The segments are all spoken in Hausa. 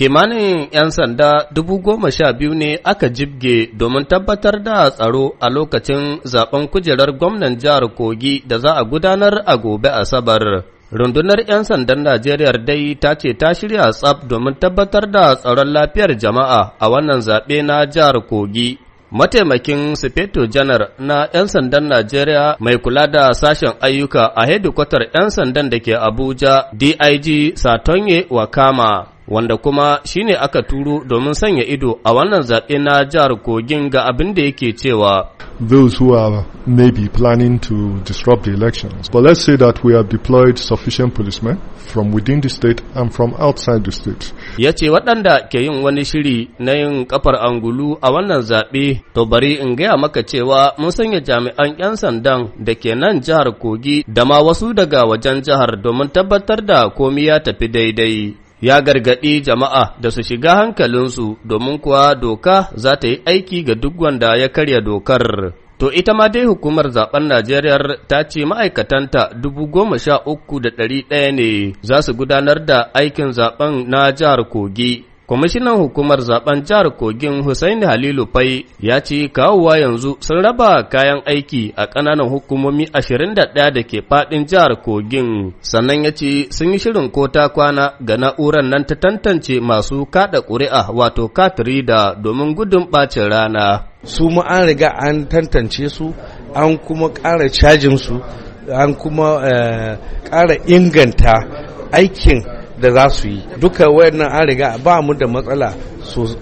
Kimanin 'yan sanda dubu goma sha biyu ne aka jibge domin tabbatar da tsaro a lokacin zaben kujerar gwamnan jihar Kogi da za a gudanar a gobe Asabar. Rundunar 'yan sandan Najeriya dai ta ce ta shirya tsaf domin tabbatar da tsaron lafiyar jama'a a wannan zaɓe na jihar Kogi. Mataimakin Sufeto Janar na 'yan sandan Najeriya mai kula da sashen ayyuka a hedikwatar 'yan sandan da ke Abuja, DIG Satonye Wakama. wanda kuma shine aka turo domin sanya ido a wannan zaɓe na jihar Kogin ga abin da yake cewa. Those who are maybe planning to disrupt the elections. But let's say that we have deployed sufficient policemen from within the state and from outside the state. Ya ce waɗanda ke yin wani shiri na yin kafar angulu a wannan zaɓe, to bari in gaya maka cewa mun sanya jami'an 'yan sandan da ke nan jihar Kogi da ma wasu daga wajen jihar domin tabbatar da komi ya tafi daidai. ya gargaɗi jama'a da su shiga hankalinsu domin kuwa doka za ta yi aiki ga duk wanda ya karya dokar. To ita ma dai hukumar zaben Najeriya ta ce ma'aikatanta dubu goma sha uku da ɗari ɗaya ne za su gudanar da aikin zaben na jihar Kogi Kwamishinan hukumar zaben jihar Kogin Hussaini Halilu Fai ya ce kawowa yanzu sun raba kayan aiki a ƙananan hukumomi ashirin da da ke faɗin jihar Kogin, sannan ya ce sun yi shirin ko ta kwana ga na'urar nan ta tantance masu kaɗa ƙuri'a wato katrida domin gudun ɓacin rana. Su ma an riga an tantance su, an kuma ƙara cajin su, an kuma eh, ƙara inganta aikin da za su yi duka wayannan an riga ba mu da matsala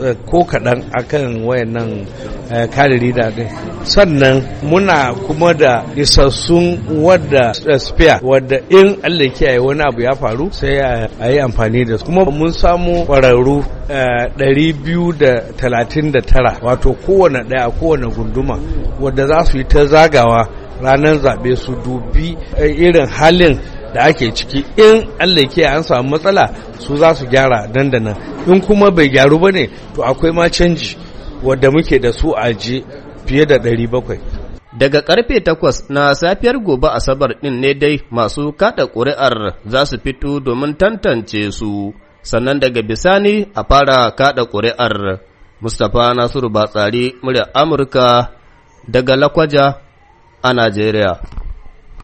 eh, ko kaɗan akan wayannan eh, kariri da ɗin sannan muna kuma da isassun wadda eh, spear wadda in allah kiyaye wani abu ya faru sai a yi amfani da su kuma mun samu ƙwararru tara. wato kowane ɗaya kowane gunduma wadda za su yi ta zagawa ranar zaɓe su dubi irin halin da ake ciki in Allah ke an samu matsala su za su gyara nan in kuma bai gyaru ba ne to akwai ma canji wadda muke da su a je fiye da 700 daga karfe 8 na safiyar gobe asabar din ne dai masu kada ƙuri'ar za su fito domin tantance su sannan daga bisani a fara kada ƙuri'ar mustapha nasiru batsari murya amurka daga lakwaja a najeriya